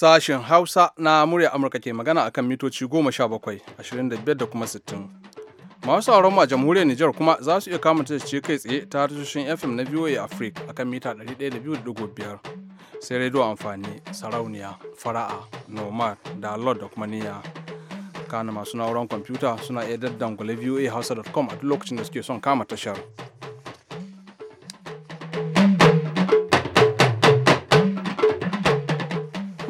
Sashen Hausa na murya Amurka ke magana akan mitoci 17, 25 da kuma 60. Masu sauran a jamhuriyar Nijar kuma za su iya kama ce kai tsaye ta tashoshin FM na VOA Africa akan mita 102.5 sai rediyo amfani sarauniya fara'a nomad da da kuma niyya kana masu na'urar kwamfuta suna iya daddangula voa hausa.com a duk lokacin da suke son kama tashar.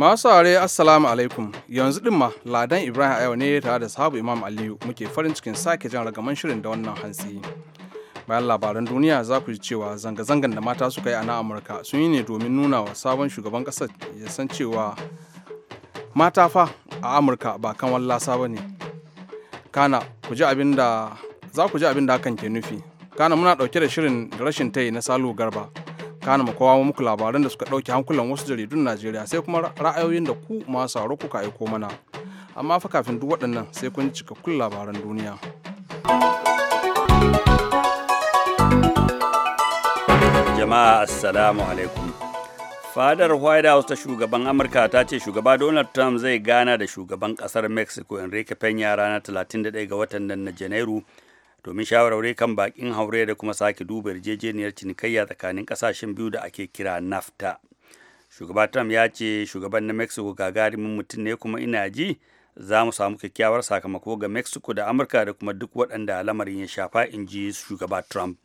Masu saurare Assalamu alaikum yanzu din ma Ladan Ibrahim Ayo ne tare da sahabu Imam Aliyu muke farin cikin sake jan ragaman shirin da wannan hantsi. Bayan labaran duniya za ku ji cewa zanga-zangan da mata suka yi a na Amurka sun yi ne domin nuna wa sabon shugaban ƙasar ya san cewa mata fa a Amurka ba kan wallasa ba ne. Kana ku ji abin da za ku ji abin da hakan ke nufi. Kana muna ɗauke da shirin da rashin tayi na Salo Garba. kana mu kawo muku labaran da suka ɗauke hankulan wasu jaridun najeriya sai kuma ra'ayoyin da ku masu sauro kuka aiko mana amma fa kafin duk waɗannan sai kun cikakkun labaran duniya jama'a assalamu alaikum fadar white house ta shugaban amurka ta ce shugaba donald trump zai gana da shugaban kasar mexico enrique Peña ranar 31 ga watan nan na janairu domin shawarwari kan bakin haure da kuma sake duba yarjejeniyar cinikayya tsakanin kasashen biyu da ake kira nafta shugaba trump ya ce shugaban na mexico gagarumin mutum ne kuma ina ji za mu samu kyakkyawar sakamako ga mexico da amurka da kuma duk waɗanda lamarin ya shafa in ji shugaba trump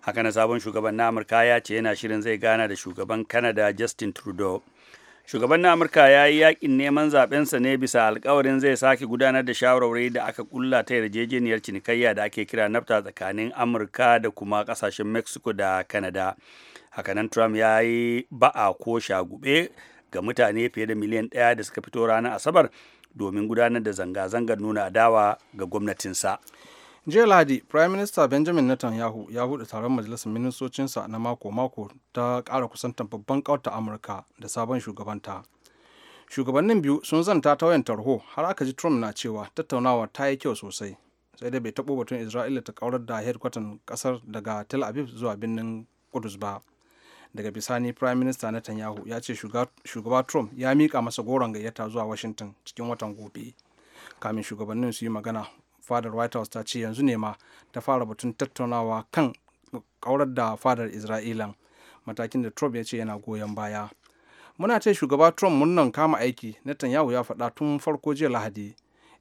haka na sabon shugaban na amurka ya ce yana shirin zai gana da shugaban canada justin trudeau shugaban na amurka ya yi yakin neman zaɓensa ne bisa alkawarin zai sake gudanar da shawarwari da aka kulla ta yarjejeniyar cinikayya da ake kira nafta tsakanin amurka da kuma ƙasashen mexico da canada hakanan trump ya yi ba'a ko shagube ga mutane fiye da miliyan ɗaya da suka fito ranar asabar domin gudanar da zanga-zangar nuna adawa ga gwamnatinsa jiya lahadi prime minister benjamin netanyahu ya buɗe taron majalisar ministocinsa na mako-mako ta ƙara kusantar babban ƙautar amurka da sabon shugabanta shugabannin biyu sun zanta ta wayan tarho har aka ji trump na cewa tattaunawa ta yi kyau sosai sai dai bai taɓo batun isra'ila ta kaurar da headquarter ƙasar daga tel aviv zuwa birnin kudus ba daga bisani prime minister netanyahu ya ce shugaba trump ya mika masa goron gayyata zuwa washington cikin watan gobe kamin shugabannin su yi magana fadar white house ta ce yanzu ne ma ta fara batun tattaunawa kan kaurar da fadar isra'ilan matakin da trump ya ce yana goyon baya muna ce shugaba trump murnan kama aiki netanyahu ya faɗa tun farko jiya lahadi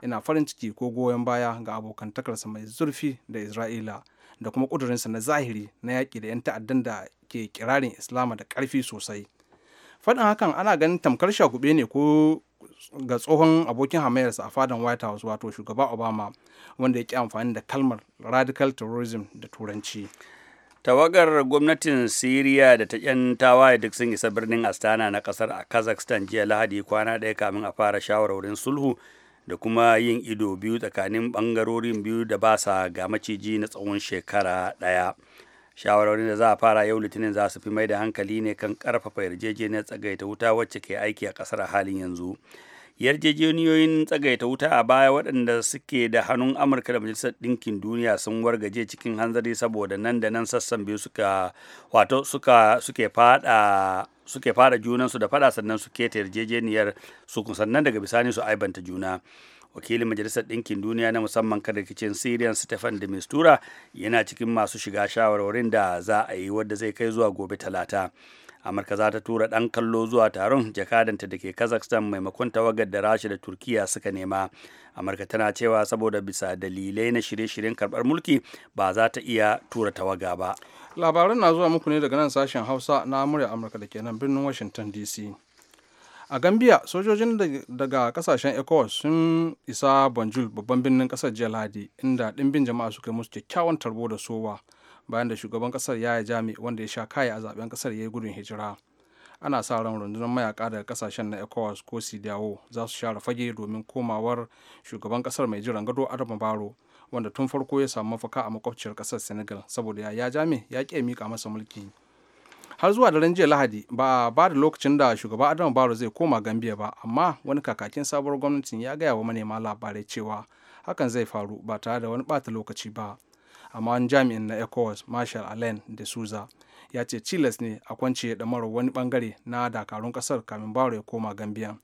ina farin ciki ko goyon baya ga abokantakarsa mai zurfi da isra'ila da kuma ƙudurinsa na zahiri na yaƙi da 'yan ta'addan da ke kirarin islama da ƙarfi sosai faɗin hakan ana ganin tamkar shagube ne ko ga tsohon abokin hamayyarsa a fadan white house wato shugaba obama wanda ya ki amfani da kalmar radical terrorism da turanci tawagar gwamnatin siriya da ta yan tawaye duk sun isa birnin astana na kasar a kazakhstan jiya lahadi kwana daya kamin a fara shawarwarin sulhu da kuma yin ido biyu tsakanin ɓangarorin biyu da ba sa ga maciji na tsawon shekara ɗaya shawarwarin da za a fara yau litinin za su fi mai da hankali ne kan karfafa yarjejeniyar tsagaita wuta wacce ke aiki a kasar halin yanzu yarjejeniyoyin tsagaita wuta a baya waɗanda suke da hannun amurka da majalisar ɗinkin duniya sun wargaje cikin hanzari saboda nan da nan sassan biyu suka wato suke fada suke fara junansu da fada sannan su keta yarjejeniyar su sannan daga bisani su aibanta juna wakilin majalisar ɗinkin duniya na musamman kan rikicin siriyan stefan de mistura yana cikin masu shiga shawarwarin da za a yi wadda zai kai zuwa gobe talata amurka za ta tura ɗan kallo zuwa taron jakadanta da ke kazakhstan maimakon tawagar da rasha da turkiya suka nema amurka tana cewa saboda bisa dalilai na shirye-shiryen karɓar mulki ba za ta iya tura tawaga ba labaran na zuwa muku ne daga nan sashen hausa na murya amurka da ke nan birnin washington dc a gambia sojojin daga kasashen ecowas sun isa banjul babban birnin kasar jiya lahadi inda dimbin jama'a suka yi musu kyakkyawan tarbo da sowa bayan da shugaban kasar yaya jami wanda ya sha kaya a zaben kasar ya yi gudun hijira ana sa ran rundunar mayaka daga kasashen na ecowas ko sidiyawo za su share fage domin komawar shugaban kasar mai jiran gado adama baro wanda tun farko ya samu mafaka a makwabciyar kasar senegal saboda ya jami ya ƙi mika masa mulki har zuwa daren jiya lahadi ba a ba da lokacin da shugaba adamu baro zai koma gambia ba amma wani kakakin sabuwar gwamnatin ya gaya wa manema labarai cewa hakan zai faru ba tare da wani bata lokaci ba amma wani jami'in na ecowas marshal allen de souza ya ce chiles ne a kwance mara wani bangare na dakarun kasar kamin baro ya koma gambia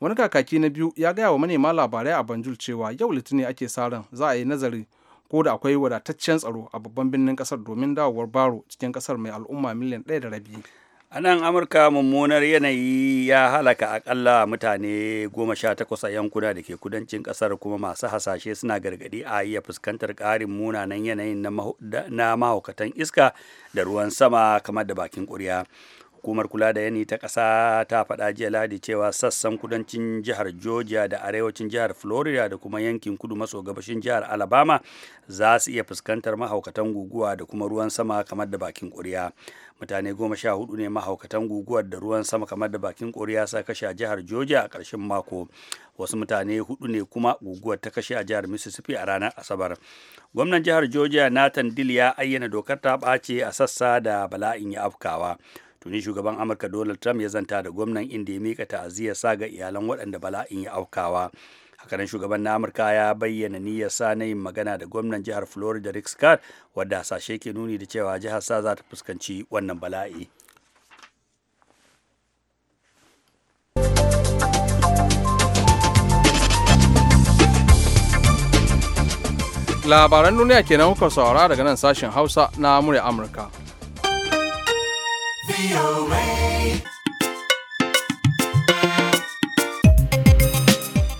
wani kakaki na biyu ya gaya wa manema labarai a banjul cewa yau litinin ake sa ran za a yi nazari ko da akwai wadataccen tsaro a babban birnin kasar domin dawowar baro cikin kasar mai al'umma miliyan ɗaya da rabi a nan amurka mummunar yanayi ya halaka akalla mutane goma sha takwas a yankuna da ke kudancin kasar kuma masu hasashe suna gargadi a iya fuskantar ƙarin munanan yanayin na mahaukatan iska da ruwan sama kamar da bakin ƙuriya hukumar kula da yani ta ƙasa ta faɗa jiya ladi cewa sassan kudancin jihar georgia da arewacin jihar florida da kuma yankin kudu maso gabashin jihar alabama za su iya fuskantar mahaukatan guguwa da kuma ruwan sama kamar da bakin ƙuri'a mutane goma sha hudu ne mahaukatan guguwar da ruwan sama kamar da bakin ƙuri'a sa kashe a jihar georgia a ƙarshen mako wasu mutane hudu ne kuma guguwar ta kashe a jihar mississippi a ranar asabar gwamnan jihar georgia nathan Dill ya ayyana dokar ta ɓace a sassa da bala'in ya afkawa tuni shugaban amurka donald trump ya zanta da gwamnan inda ya mika sa ga iyalan waɗanda bala'in ya aukawa hakanan shugaban na amurka ya bayyana niyyar sa na yin magana da gwamnan jihar florida rick scott wadda hasashe ke nuni da cewa jihar sa za ta fuskanci wannan bala'i labaran duniya kenan kuka saurara daga nan sashen hausa na murya amurka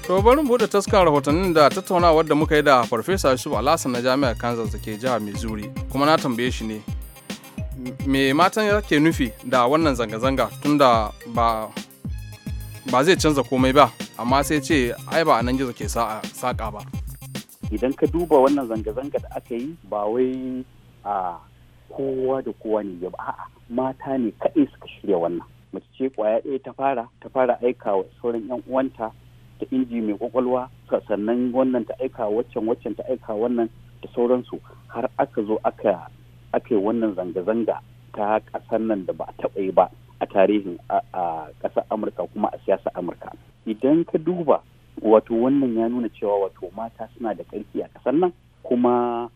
To bari mu buɗe taskar rahotannin da tattaunawa da muka yi da Farfesa Yusuf Alhassan na Jami'ar Kansas da ke jihar Missouri kuma na tambaye shi ne me matan ke nufi da wannan zanga-zanga tunda ba ba zai canza komai ba amma sai ce ai ba a nan gizo ke saƙa ba. Idan ka duba wannan zanga-zanga da aka yi ba wai a ah, kowa da kowa ne ya ba a'a mata ne kaɗai suka shirya wannan mace ce kwaya ɗaya ta fara ta fara aika wa sauran yan uwanta ta inji mai kwakwalwa sannan wannan ta aika waccan waccan ta aika wannan da sauransu har aka zo aka aka yi wannan zanga-zanga ta ƙasar nan da ba a taɓa yi ba a tarihin a ƙasar amurka kuma a siyasar amurka idan ka duba wato wannan ya nuna cewa wato mata suna da ƙarfi a ƙasar nan kuma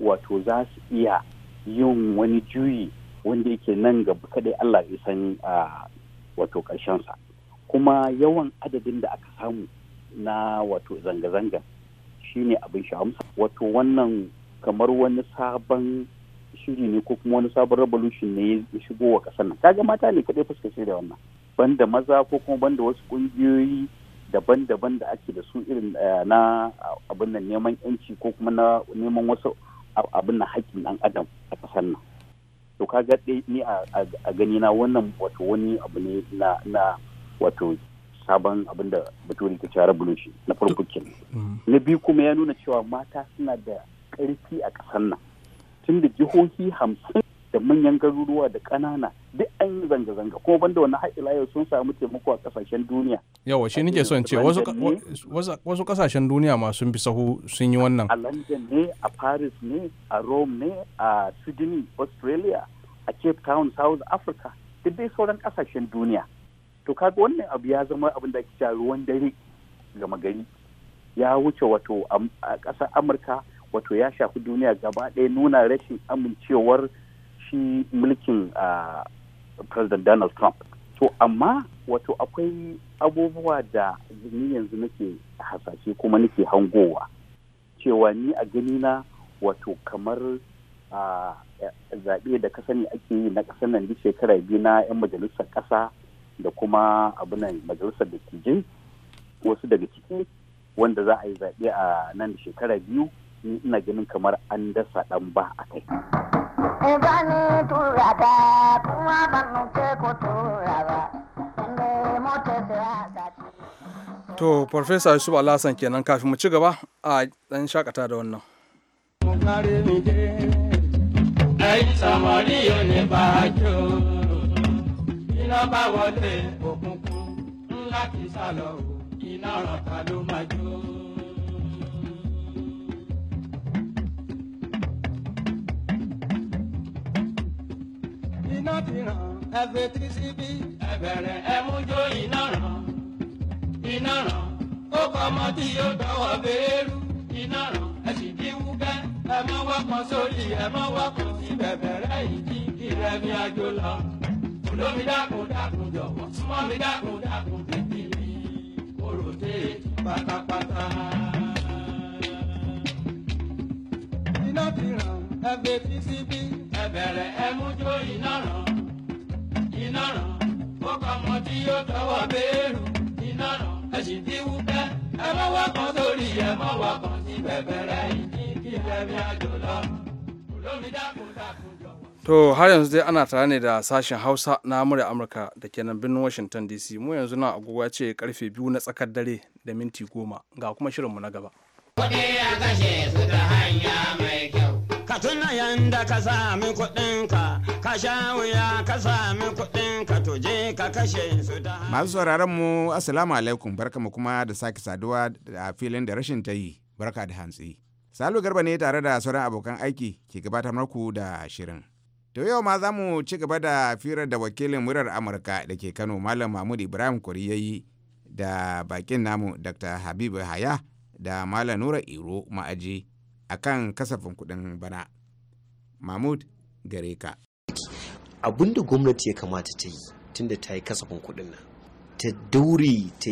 wato za su iya yin wani juyi wanda yake nan gaba kadai Allah ya san wato sa kuma yawan adadin da aka samu na wato zanga shi shine abin sha'amsa wato wannan kamar wani sabon shiri ne ko kuma wani sabon revolution ne ya shigo wa kasar nan kaga mata ne kadai fuskace da wannan banda maza ko kuma banda wasu kungiyoyi daban-daban da ake da su irin eh, na abin nan neman yanci ko kuma na neman wasu abin na haƙƙin ɗan adam a ƙasar nan to ka ga ni a gani na wannan wato wani abu ne na na wato sabon abin da bature ta ce revolution na farko kenan mm. na biyu kuma ya nuna cewa mata suna da ƙarfi a ƙasar nan tun da jihohi hamsin da manyan garuruwa da ƙanana duk an yi zanga-zanga kuma banda wannan haƙila yau sun samu taimako a ƙasashen duniya. yawa shi nake son ce wasu ƙasashen duniya ma sun bi sahu sun yi wannan. a london ne a paris ne a rome ne a sydney australia a cape town south africa duk dai sauran ƙasashen duniya to kaga wannan abu ya zama abin da ake cewa ruwan dare gama gari ya wuce wato a ƙasar amurka wato ya shafi duniya gaba ɗaya nuna rashin amincewar shi mulkin president donald trump to amma wato akwai abubuwa da ni yanzu nake hasashe kuma nake hangowa cewa ni a gani na wato kamar zaɓe da ka sani ake yi na ƙasar nan duk shekara biyu na 'yan majalisar ƙasa da kuma nan majalisar da ke wasu daga ciki wanda za a yi zaɓe a nan da shekara biyu ina ganin kamar an dasa ɗan ba a kai. in ba ni tura ta kuma ban ce ku tura ba inda mota siyasa To, Farfesa Yusuf Alhassan kenan kafin mu ci gaba a ɗan shakata da wannan. Ẹyin samari yóò ní bàájò, iná bá o òkùnkùn ńlá kìí sálọ, iná ọ̀rọ̀ ta ló máa jó. iná fi hàn ẹ̀fẹ̀ tí síbí. ẹ̀bẹ̀rẹ̀ ẹ̀mújó iná ràn iná ràn ó kọ́ ọmọ tí yóò dọ́wọ́ béèrú iná ràn ẹ sì dín wúgẹ́ ẹ má wá kan sórí ẹ má wá kan sí bẹ̀bẹ̀rẹ̀ yìí kí mi àjò lọ. olómi dákun dákun jọ̀wọ́ súnmọ́ mi dákun dákun tètè mi kóró dé pátápátá. iná fi hàn ẹ̀fẹ̀ tí síbí. bẹ̀rẹ̀ To har yanzu dai ana tare ne da sashen Hausa na Amurka Amurka da ke nan birnin Washington DC mu yanzu na agogo ce karfe biyu na tsakar dare da minti goma ga kuma shirinmu na gaba. Kuɗi a kashe su ta hanya ka tuna yanda ka sami kuɗinka ka sha wuya ka sami kuɗinka to je ka kashe su ta masu sauraron mu assalamu alaikum barka mu kuma da sake saduwa a filin da rashin ta yi barka da hantsi salu garba ne tare da sauran abokan aiki ke gabatar muku da shirin to yau ma za mu ci gaba da firar da wakilin murar amurka da ke kano malam mahmud ibrahim kuri ya da bakin namu dr habibu haya da malam nura iro ma'aji a kan kasafin kuɗin bana mahmud gare ka abin da gwamnati ya kamata ta yi tun da ta yi kasafin kuɗin nan ta daure ta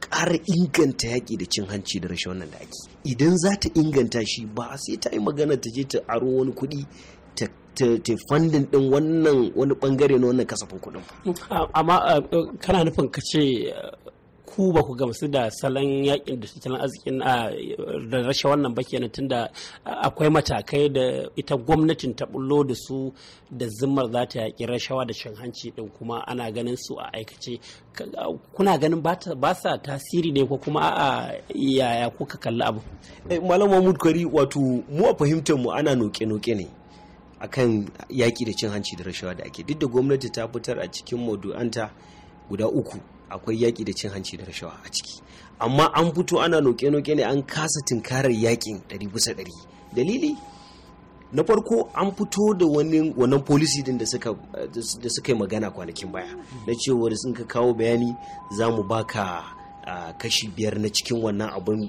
ƙara inganta yaƙi da cin hanci da rashin wannan da ake idan za ta inganta shi ba sai ta yi magana ta je ta aro wani kuɗi ta fandin ɗin wannan wani bangare na wannan kasafin kuɗin. amma eh, eh, kana nufin ka ce eh, ku ba ku gamsu da salon yakin da tattalin arzikin da rashe wannan ba kenan tunda akwai matakai da ita gwamnatin ta bullo da su da zimmar za ta yaƙi rashawa da shan hanci din kuma ana ganin su a aikace kuna ganin ba sa tasiri ne ko kuma a yaya kuka kalli abu eh, malam mahmud kwari wato mu a fahimtar mu ana noke-noke ne akan yaƙi da cin hanci da rashawa da ake duk da gwamnati ta fitar a cikin maudu'anta guda uku akwai yaƙi da cin hanci da rashawa a ciki amma an fito ana noke-noke ne an kasa tunkarar yaƙin ɗari bisa ɗari dalili na farko an fito da wani wannan policy din da suka yi magana kwanakin baya na cewa sun ka kawo bayani za mu baka kashi biyar na cikin wannan abun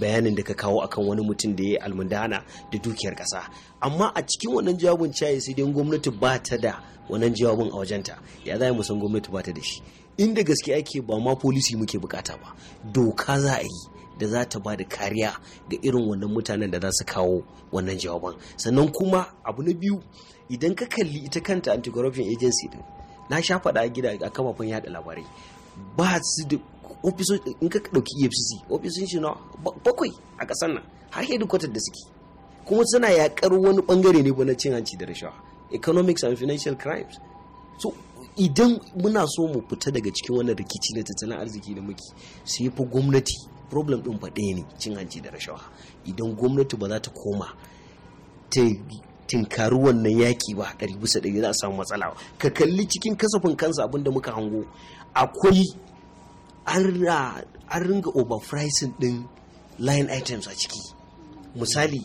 bayanin da ka kawo akan wani mutum da ya yi almundana da dukiyar kasa amma a cikin wannan jawabin cayi sai dai gwamnati ba ta da wannan jawabin a wajenta ya za mu san gwamnati ba ta da shi inda gaske ake ba ma polisi muke bukata ba doka za a yi da za ta ba da kariya ga irin wannan mutanen da za su kawo wannan jawaban sannan kuma abu na biyu idan ka kalli ita kanta anti-corruption agency din na sha faɗa a gida a kafafen yada labarai ba su da ofisoshin in ka ɗauki efcc ofisoshin na bakwai a ƙasar nan har hedikwatar da suke kuma suna yaƙar wani ɓangare ne ba na cin hanci da rashawa economics and financial crimes so idan muna so mu fita daga cikin wannan rikici na tattalin arziki da muke sai fa gwamnati problem ɗin fa ne cin hanci da rashawa idan gwamnati ba za ta koma ta tinkari wannan yaƙi ba ɗari bisa ɗari za a samu matsala ka kalli cikin kasafin kansa abin da muka hango akwai an ringa overpricing ɗin line items a ciki misali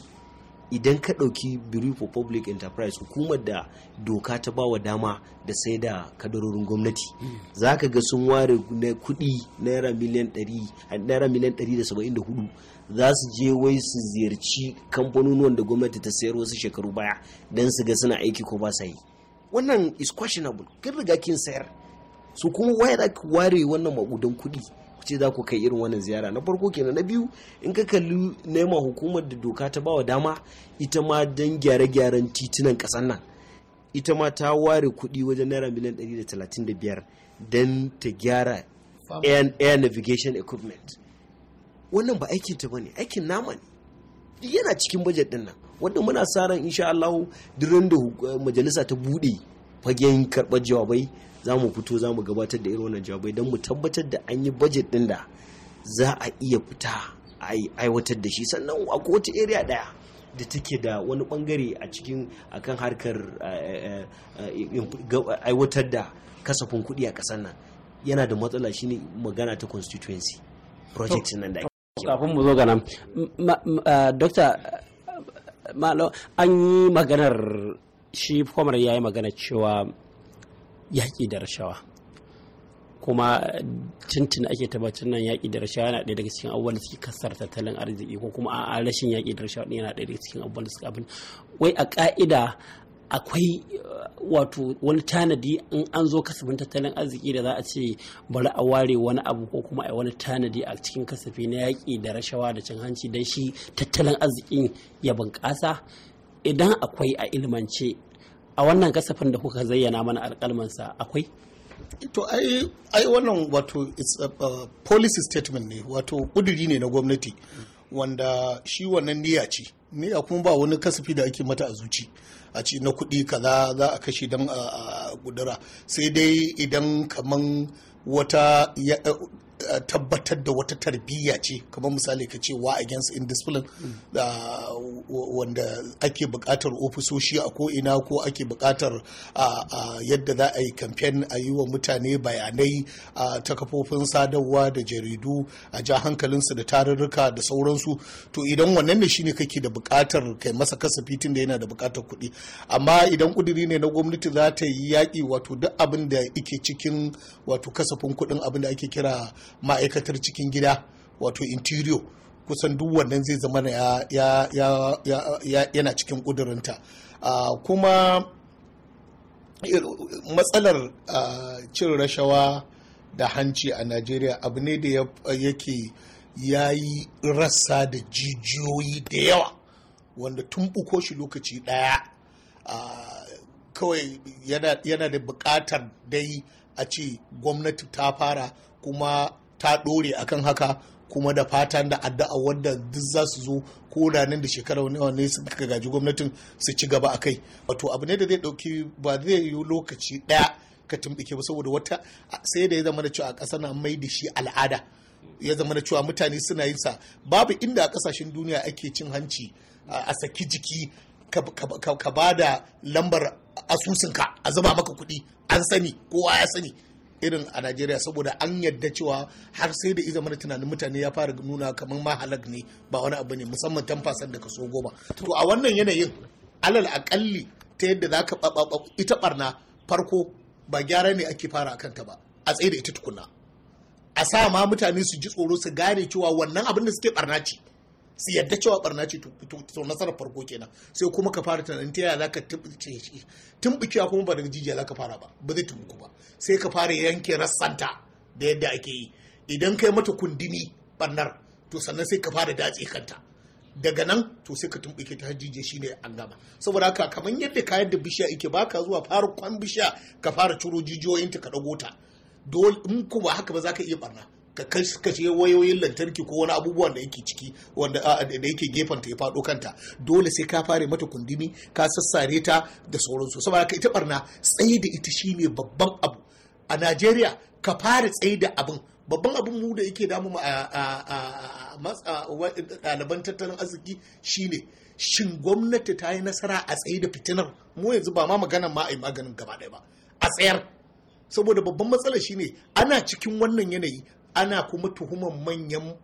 idan ka ɗauki bureau for public enterprise hukumar da doka ta bawa dama da sai da kadarorin gwamnati za ka ga sun ware na kuɗi naira miliyan 174 za su je wai su ziyarci kamfanonuwan da gwamnati ta sayar wasu shekaru baya don su ga suna aiki ko ba sa yi wannan is questionable kin riga kin sayar su kuma waye za ware wannan maƙudan kuɗi ku ce za ku kai irin wannan ziyara na farko kenan na biyu in ka kalli nema hukumar da doka ta bawa dama ita ma don gyare-gyaren titunan kasan nan ita ma ta ware kuɗi wajen naira miliyan 135 don ta gyara air navigation equipment wannan ba aikin ta bane aikin nama ne yana cikin bajet din nan wanda muna sa ran insha Allah duran da eh, majalisa ta bude fagen karɓar jawabai za mu fito za mu gabatar da irin wannan jawabai don mu tabbatar da an yi budget din da za a iya fita a aiwatar da shi sannan a kowace area daya da take da wani bangare a cikin akan harkar aiwatar da kasafin kuɗi a ƙasar nan yana da matsala shine magana ta constituency project nan da kafin mu zo ga nan dokta an yi maganar shi kwamar ya yi magana cewa yaƙi da rashawa kuma tuntun ake tabbatar nan yaƙi da rashawa yana ɗaya daga cikin abubuwan da suke kasar tattalin arziki ko kuma a rashin yaƙi da rashawa yana ɗaya daga cikin abubuwan da suke abin wai a ƙa'ida akwai uh, wato wani tanadi in an zo kasafin tattalin arziki da za a ce bari a ware wani abu ko kuma a wani tanadi a cikin kasafi na yaƙi da rashawa da cin hanci don shi tattalin arzikin ya bunƙasa idan akwai a ilimance a wannan kasafin da kuka zayyana mana sa akwai to ai ai wannan wato it's a uh, policy statement ne wato kuduri ne na gwamnati wanda shi wannan niyya ce niyya kuma ba wani kasafi da ake mata a zuci a ci na kuɗi kaza za a kashe dan a gudura sai dai idan kaman wata tabbatar da wata tarbiyya ce kamar misali ka ce wa against indiscipline wanda ake bukatar ofisoshi a ko ina ko ake bukatar yadda za a yi kamfen a yi wa mutane bayanai ta kafofin sadarwa da jaridu a ja hankalinsu da tarurruka da sauransu to idan wannan ne shine kake da bukatar kai masa kasafi tun da yana da bukatar kuɗi amma idan kuduri ne na gwamnati za ta yi yaki wato duk abin da ike cikin wato kasafin kuɗin abin da ake kira ma'aikatar cikin gida wato interior kusan duk wannan zai zama yana cikin ƙudurinta ah, kuma matsalar ah, cin rashawa da hanci a najeriya abu ne da yake ya yi rassa da jijiyoyi da yawa wanda tun buko shi lokaci ɗaya ah, kawai yana da bukatar dai a ce gwamnati ta fara kuma ta ɗore akan haka kuma da fatan da addu'a wadda duk za su zo ko da nan da shekara nawa ne su ka gaji gwamnatin su ci gaba a kai wato abu ne da zai ɗauki ba zai yi lokaci ɗaya ka tumɓuke ba saboda wata sai da ya zama da cewa a ƙasa na mai da shi al'ada ya zama da cewa mutane suna yin sa babu inda a ƙasashen duniya ake cin hanci a saki jiki ka ba da lambar asusunka a zuba maka kuɗi an sani kowa ya sani irin a najeriya saboda an yadda cewa har sai da izamar tunanin mutane ya fara nuna kamar mahalag ne ba wani abu ne musamman tamfasan da kaso goma to a wannan yanayin alal akalli ta yadda za ka ita barna farko ba gyara ne ake fara kanta ba a tsaye da ita tukuna a sa ma mutane su ji tsoro su gane cewa wannan abin da suke barna ce su yadda cewa barna ce to nasarar farko kenan sai kuma ka fara tunanin ta yaya zaka tumbuce shi kuma ba daga jijiya zaka fara ba ba zai tumbuku ba sai ka fara yanke rassanta da yadda ake yi idan kai mata kundini barnar to sannan sai ka fara datse kanta daga nan to sai ka tumbuke ta jijiya shine an gama saboda haka kamar yadda kayan da bishiya yake baka zuwa fara kwan bishiya ka fara ciro ta ka dago ta dole in kuma haka ba za iya barna ka kashe wayoyin lantarki ko wani abubuwan da yake ciki wanda da yake gefen ta ya faɗo kanta dole sai ka fare mata kundumi ka sassare ta da sauransu saboda ka ita barna tsaye da ita shine babban abu a Najeriya ka fara tsaye da abin babban abin mu da yake damu a ɗaliban tattalin arziki shine shin gwamnati ta yi nasara a tsaye da fitinar mu yanzu ba ma maganan ma a yi maganin gaba ɗaya ba a tsayar saboda babban matsala shine ana cikin wannan yanayi ana kuma tuhuman manyan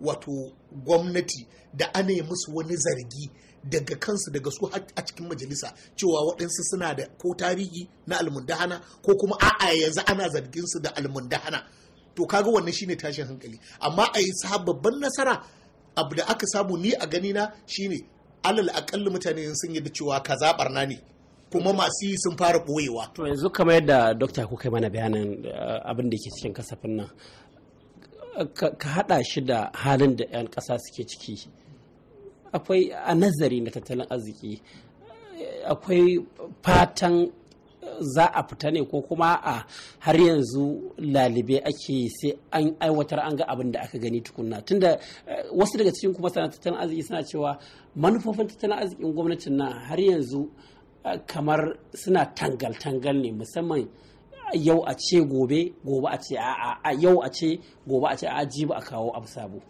wato gwamnati da ana yi musu wani zargi daga kansu daga su a cikin majalisa cewa waɗansu suna da ko tarihi na almundahana ko kuma a'a yanzu ana zargin su da almundahana to kaga wannan shine tashin hankali amma a yi babban nasara abu da aka samu ni a gani na shine alal akalli mutane sun yi da cewa kaza barna ne kuma masu yi sun fara ɓoyewa. to yanzu kamar yadda dokta kai mana bayanin eh, abin da ke cikin kasafin nan ka haɗa shi da halin da 'yan ƙasa suke ciki akwai a nazari na tattalin arziki akwai fatan za a fita ne ko kuma a har yanzu lalibe ake sai an aiwatar an ga abin da aka gani tukunna tunda eh, wasu daga cikin kuma sana tattalin arziki suna cewa manufofin tattalin arzikin gwamnatin nan har yanzu eh, kamar suna tangal-tangal ne musamman yau a ce gobe gobe a ce a yau a ce gobe a ce a a kawo abu sabo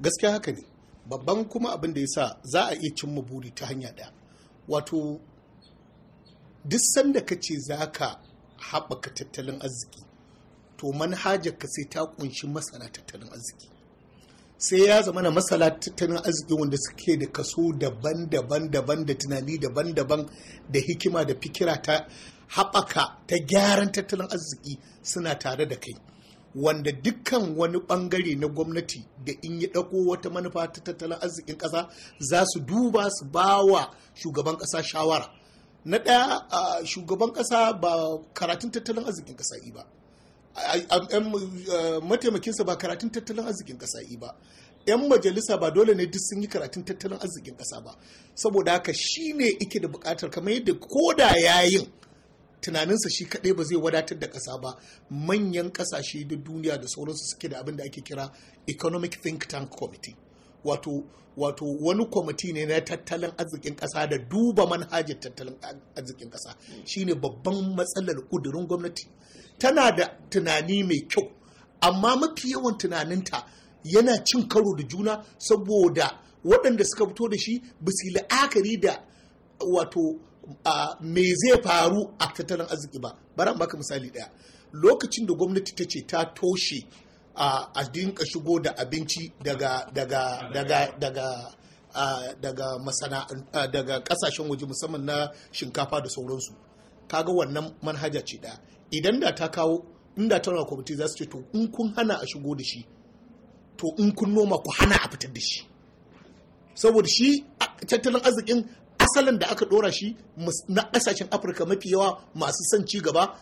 gaskiya haka ne babban kuma abin da ya sa za a iya cimma buri ta hanya ɗaya wato duk sanda ka ce za ka haɓaka tattalin arziki to manhajarka sai ta kunshi masana tattalin arziki sai ya zama na masana tattalin arziki wanda suke da kaso daban-daban daban da tunani daban-daban da hikima da fikira ta haɓaka ta gyaran tattalin arziki suna tare da kai wanda dukkan wani bangare na gwamnati da in yi ɗauko wata manufa ta tattalin arzikin ƙasa za su duba su ba wa shugaban ƙasa shawara na ɗaya shugaban ƙasa ba karatun tattalin arzikin ƙasa yi ba mataimakinsa ba karatun tattalin arzikin ƙasa yi ba 'yan majalisa ba dole ne duk sun yi karatun tattalin arzikin ƙasa ba saboda haka shi ne ike da buƙatar kamar yadda koda da yayin tunaninsa shi kaɗai ba zai wadatar da ƙasa ba manyan ƙasashe da duniya da sauransu suke da abin da ake kira economic think tank committee wato wato wani kwamiti ne na tattalin arzikin ƙasa da duba manhajar tattalin arzikin ƙasa shine babban matsalar ƙudurin gwamnati tana da tunani mai kyau amma mafi yawan tunaninta yana cin karo da juna saboda waɗanda suka fito da shi ba su la'akari da wato me zai faru a tattalin arziki ba an baka misali daya lokacin da gwamnati ta ce ta toshe a dinka shigo da abinci daga daga kasashen waje musamman na shinkafa da sauransu kaga wannan manhaja ce daya idan da ta kawo inda tana kwamiti za su ce to in kun hana a shigo da shi to in kun noma ku hana a fitar da shi saboda shi tattalin arzikin asalin da aka dora shi na kasashen afirka mafi yawa masu son ci gaba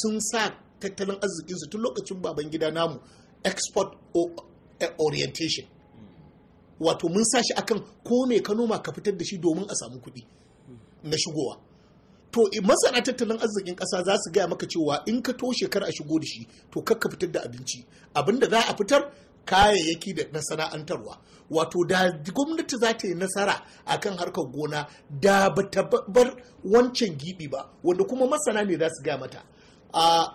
sun sa tattalin arzikinsu tun lokacin baban gida namu export eh, orientation wato mun sa shi akan ko me ka noma ka fitar da shi domin a samu kuɗi na shigowa to masana tattalin arzikin ƙasa za su gaya maka cewa in ka to shekara a shigo da shi to kakka fitar da abinci abinda za a fitar kayayyaki da na sana'antarwa. wato da gwamnati za ta yi nasara a kan harkar gona da ba ta bar wancan gibi ba wanda kuma masana ne za su gaya mata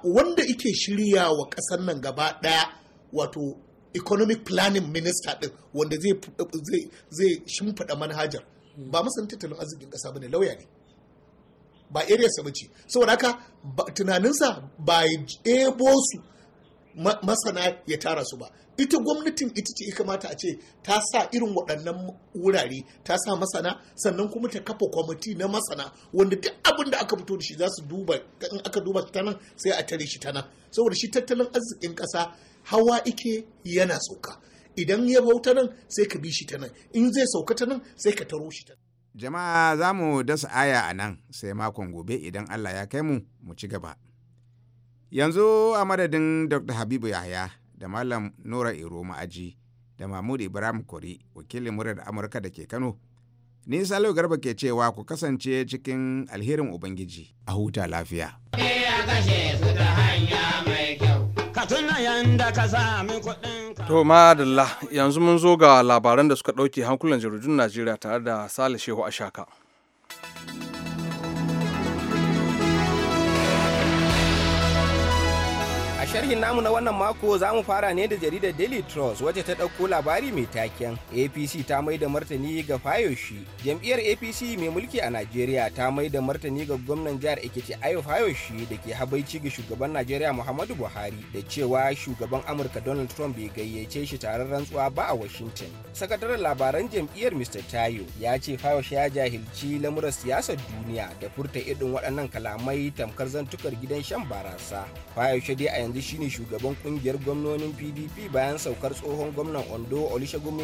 wanda ike shirya wa ƙasar nan gaba ɗaya wato economic planning minister ɗin wanda zai shimfiɗa manhajar ba masan tattalin arzikin ƙasa ba ne lauya ne ba area ce saboda haka tunaninsa ba ebo su masana ya tara su ba ita gwamnatin ita ce kamata a ce ta sa irin waɗannan wurare ta sa masana sannan kuma ta kafa kwamiti na masana wanda duk abin da aka fito da shi za su duba in aka duba ta nan sai a tare shi ta nan saboda shi tattalin arzikin ƙasa hawa ike yana sauka idan ya bauta nan sai ka bi shi ta nan in zai sauka ta nan sai ka taro shi ta nan jama'a za mu dasa aya a nan sai makon gobe idan allah ya kai mu mu ci gaba yanzu a madadin dr habibu yahaya da malam nora ero ma'aji da mahmud ibrahim kori wakilin murar amurka da ke kano ni salo garba ke cewa ku kasance cikin alherin ubangiji a huta lafiya To madalla yanzu mun zo ga labaran da suka ɗauke hankulan jaridun Najeriya tare da Sale Shehu Ashaka. sharhin namu na wannan mako za mu fara ne da jaridar Daily Trust wacce ta ɗauko labari mai taken APC ta mai da martani ga Fayoshi. Jam'iyyar APC mai mulki a Najeriya ta mai da martani ga gwamnan jihar Ekiti Ayo Fayoshi da ke habaici ga shugaban Najeriya Muhammadu Buhari da cewa shugaban Amurka Donald Trump bai gayyace shi taron rantsuwa ba a Washington. Sakataren labaran jam'iyyar Mr. Tayo ya ce Fayoshi ya jahilci lamuran siyasar duniya da furta irin waɗannan kalamai tamkar zantukar gidan shan barasa. Fayoshi dai a yanzu shine shugaban kungiyar gwamnonin pdp bayan saukar tsohon gwamnan ondo olusegun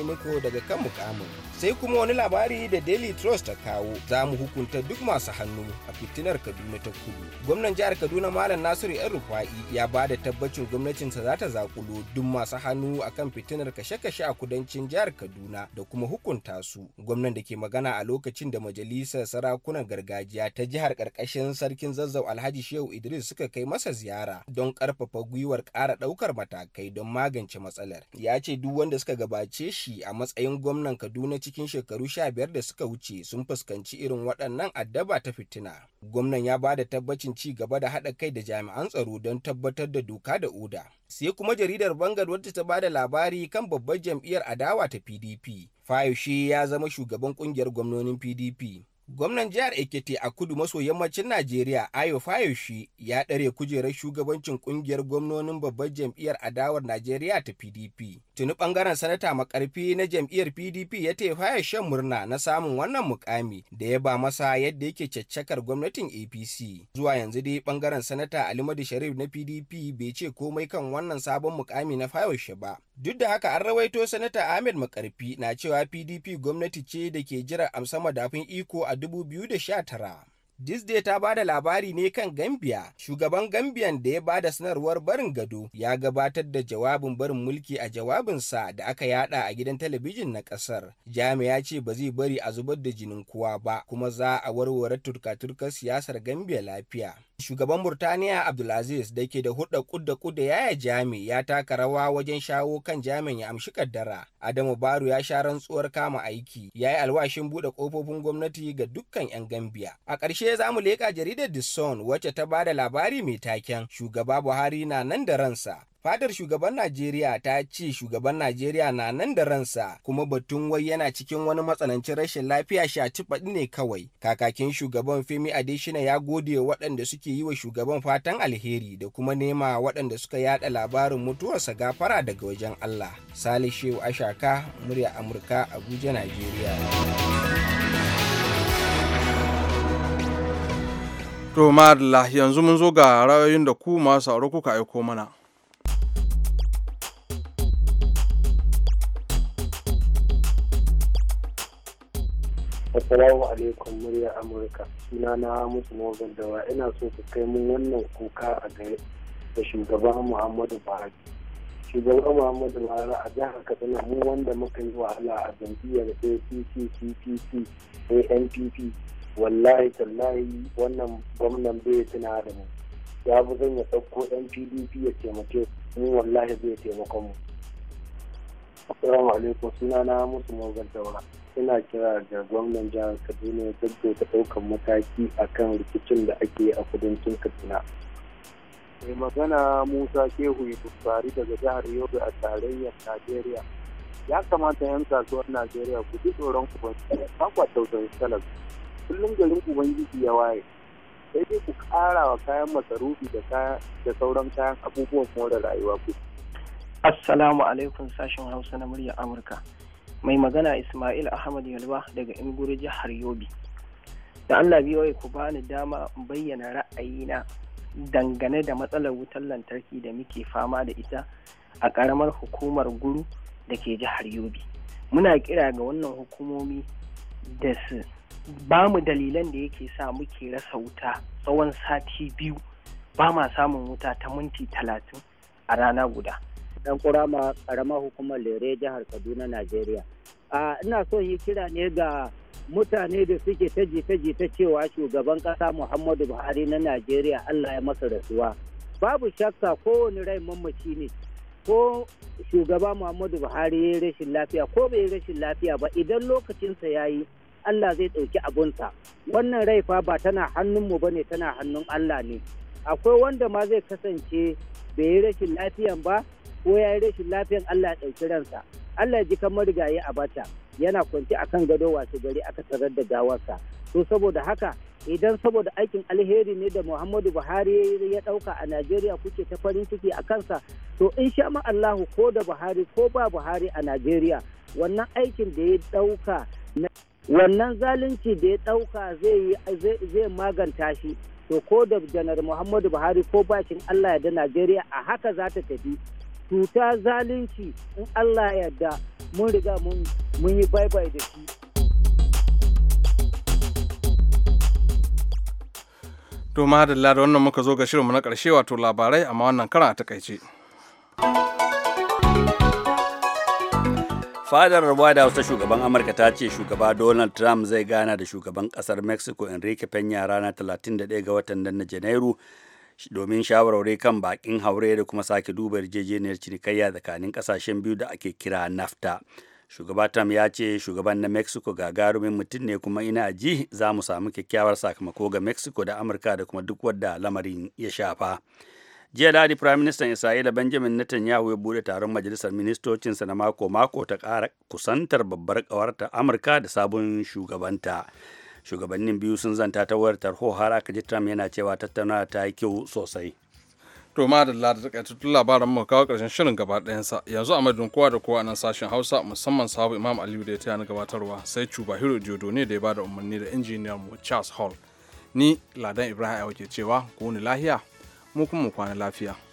daga kan mukamin sai kuma wani labari da daily trust ta kawo za mu hukunta duk masu hannu a fitinar kaduna ta kudu gwamnan jihar kaduna malam nasiru yan rufa'i ya ba da tabbacin gwamnatinsa za ta zakulo duk masu hannu a kan fitinar kashe-kashe a kudancin jihar kaduna da kuma hukunta su gwamnan da ke magana a lokacin da majalisar sarakunan gargajiya ta jihar karkashin sarkin zazzau alhaji shehu idris suka kai masa ziyara don karfafa gwiwar ƙara ɗaukar matakai don magance matsalar. Ya ce duk wanda suka gabace shi a matsayin gwamnan Kaduna cikin shekaru sha biyar da suka wuce sun fuskanci irin waɗannan addaba ta fitina. Gwamnan ya ba da tabbacin ci gaba da haɗa kai da jami'an tsaro don tabbatar da doka da oda. Sai kuma jaridar Bangar wadda ta ba da labari kan babbar jam'iyyar adawa ta PDP. Fayoshe ya zama shugaban ƙungiyar gwamnonin PDP. Gwamnan jihar Ekiti a kudu maso yammacin Najeriya Ayo Fayoshi ya ɗare kujerar shugabancin ƙungiyar gwamnonin babbar jam'iyyar adawar Najeriya ta PDP. Tuni ɓangaren sanata makarfi na jam'iyyar PDP ya taya shan murna na samun wannan mukami da ya ba masa yadda yake caccakar gwamnatin APC. Zuwa yanzu dai ɓangaren sanata Alimadu Sharif na PDP bai ce komai kan wannan sabon mukami na Fayoshi ba. Duk da haka an rawaito Sanata Ahmed Makarfi na cewa PDP gwamnati ce da ke jira amsa madafin iko a 2019. Disde ta ba da labari ne kan Gambia. Shugaban Gambian, da ya ba da sanarwar barin gado ya gabatar da jawabin barin mulki a jawabinsa da aka yada a gidan talabijin na kasar. Jami'a ce ba zai bari a zubar da jinin kowa ba, kuma za a warware turka-turkar siyasar Gambia lafiya. Shugaban Burtaniya Abdulaziz da ke da hudda kudda kudda Yaya Jami ya taka rawa wajen shawo kan Jamin ya amshi kaddara. Adamu Baru ya sha rantsuwar kama aiki, ya yi alwashin buɗe ƙofofin gwamnati ga dukkan 'yan Gambiya. A ƙarshe za mu leƙa jaridar The Sun wacce ta ba da labari mai taken shugaba Buhari na nan da ransa Fadar shugaban Najeriya ta ce shugaban Najeriya na nan da ransa kuma batun wai yana cikin wani matsanancin rashin lafiya shati baɗi ne kawai. Kakakin shugaban Femi Adeshina ya gode wa waɗanda suke yi wa shugaban fatan alheri da kuma nema waɗanda suka yada labarin mutuwarsa gafara daga wajen Allah. Salih Shehu Ashaka, murya Amurka, Abuja, Najeriya. To yanzu mun zo ga ra'ayoyin da ku masu kuka aiko mana. Assalamu alaikum murya Amurka. Suna na Musu Morgan Dawa. Ina so ku kai mun wannan kuka a gare da shugaban Muhammadu Buhari. Shugaban Muhammadu Buhari a jihar Katsina mu wanda muka yi wahala a jam'iyyar APC, PPC, ANPP. Wallahi tallahi wannan gwamnan bai tuna da mu. Ya fi son ya ɗauko ɗan PDP ya taimake mu wallahi zai taimakon mu. Assalamu alaikum suna na Musu Morgan daura. ina kira ga gwamnan jihar kaduna ya ta daukan mataki a kan rikicin da ake a kudancin kaduna mai magana musa shehu bukhari daga jihar yobe a tarayyar najeriya ya kamata yan kasuwar najeriya ku ji tsoron ubangiji ba kwa tausayin talar kullum garin ubangiji ya waye sai dai ku ƙara wa kayan masarufi da sauran kayan abubuwan more rayuwa ku assalamu alaikum sashen hausa na murya amurka mai magana ismail ahmad yalwa daga inguru jihar yobe da allah wai ku bani dama bayyana ra'ayina dangane da matsalar wutar lantarki da muke fama da ita a ƙaramar hukumar guru da ke jihar yobe muna kira ga wannan hukumomi da su ba mu dalilan da yake sa muke rasa wuta tsawon sati biyu ba ma samun wuta ta minti talatin a rana guda dan kurama karamar hukumar lere jihar kaduna najeriya ina so yi kira ne ga mutane da suke ta jita-jita cewa shugaban kasa muhammadu buhari na najeriya allah ya masa rasuwa babu shakka kowane rai mamaci ne ko shugaba muhammadu buhari ya yi rashin lafiya ko bai rashin lafiya ba idan lokacinsa ya yi allah zai ɗauki abunsa wannan rai fa ba tana hannunmu ba ne tana hannun allah ne akwai wanda ma zai kasance bai yi rashin lafiyan ba ko ya yi rashin lafiyan Allah ya ɗauki ransa Allah ya ji kamar rigaye a bata yana kwanci a kan gado wasu gari aka tarar da gawarsa to saboda haka idan saboda aikin alheri ne da muhammadu buhari ya ɗauka a najeriya kuke ta farin ciki a kansa to in sha allahu ko da buhari ko ba buhari a najeriya wannan aikin da ya dauka wannan zalunci da ya ɗauka zai maganta shi to ko da janar muhammadu buhari ko bashin allah ya da najeriya a haka za ta tafi cuta zalunci in Allah yarda mun riga mun yi bye-bye da shi. To madalla da wannan muka zo ga shirinmu na ƙarshe wato labarai amma wannan karan a takaice. Fadar White wasu ta shugaban Amurka ta ce shugaba Donald Trump zai gana da shugaban kasar Mexico Enrique Peña ranar 31 ga watan nan na Janairu domin shawarwari kan bakin haure da kuma sake duba yarjejeniyar cinikayya tsakanin kasashen biyu da ake kira nafta shugaba tam ya ce shugaban na mexico gagarumin mutum ne kuma ina ji za mu samu kyakkyawar sakamako ga mexico da amurka da kuma duk wadda lamarin ya shafa jiya ladi prime minister isra'ila benjamin netanyahu ya bude taron majalisar ministocinsa na mako-mako ta kara kusantar babbar ƙawarta amurka da sabon shugabanta shugabannin biyu sun zanta ta wayar tarho har aka ji trump yana cewa tattaunawa ta yi kyau sosai to ma da lada ta labaran mu kawo karshen shirin gaba sa yanzu a madadin kowa da kowa a nan sashen hausa musamman sabu imam aliyu da ya taya na gabatarwa sai cuba hiro jodo ne da ya bada umarni da injiniyan mu charles hall ni ladan ibrahim ke cewa ku ni lahiya mu kuma mu kwana lafiya